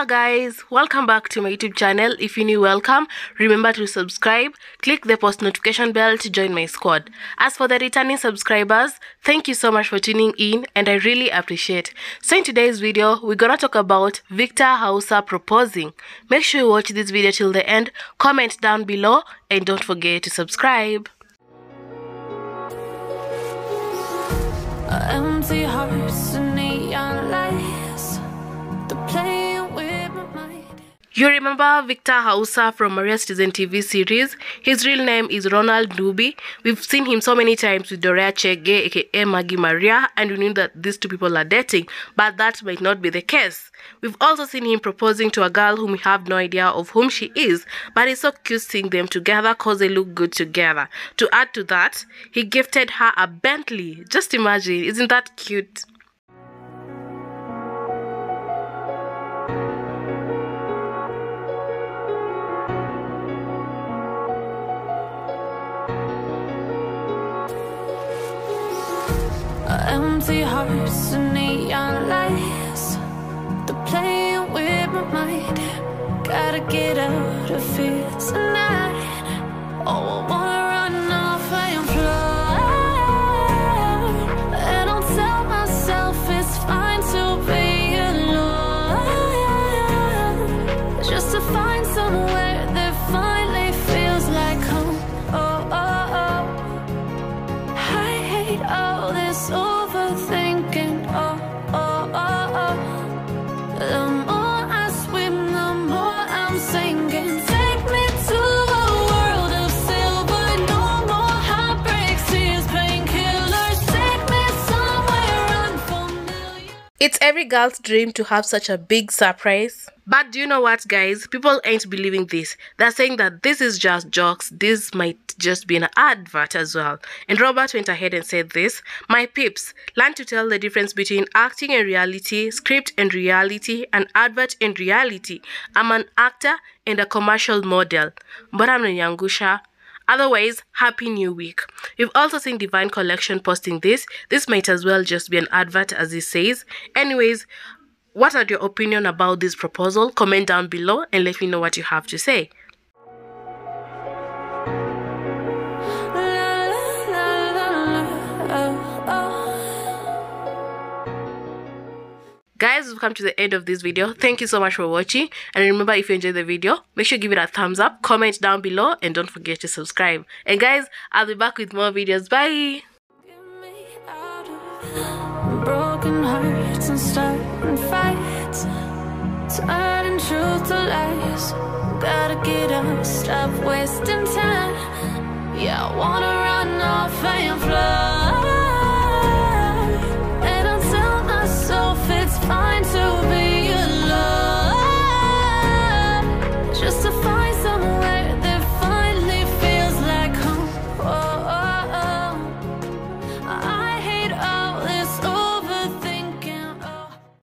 hello guys welcome back to my youtube channel if you're new welcome remember to subscribe click the post notification bell to join my squad as for the returning subscribers thank you so much for tuning in and i really appreciate so in today's video we're gonna talk about victor hausa proposing make sure you watch this video till the end comment down below and don't forget to subscribe empty hearts and neon lights you remember Victor Hausa from Maria's Citizen TV series? His real name is Ronald Nubi. We've seen him so many times with Dorea Chege, aka Maggie Maria, and we knew that these two people are dating, but that might not be the case. We've also seen him proposing to a girl whom we have no idea of whom she is, but it's so cute seeing them together because they look good together. To add to that, he gifted her a Bentley. Just imagine, isn't that cute? empty hearts and neon lights They're playing with my mind Gotta get out of here tonight Oh, I wanna It's every girl's dream to have such a big surprise. But do you know what, guys? People ain't believing this. They're saying that this is just jokes. This might just be an advert as well. And Robert went ahead and said this My peeps, learn to tell the difference between acting and reality, script and reality, an advert and reality. I'm an actor and a commercial model. But I'm Nyangusha. Otherwise, happy new week. You've also seen Divine Collection posting this. This might as well just be an advert as it says. Anyways, what are your opinion about this proposal? Comment down below and let me know what you have to say. guys we've come to the end of this video thank you so much for watching and remember if you enjoyed the video make sure you give it a thumbs up comment down below and don't forget to subscribe and guys i'll be back with more videos bye broken hearts and starting fights turning truth to lies gotta get up stop wasting time yeah i wanna run off and fly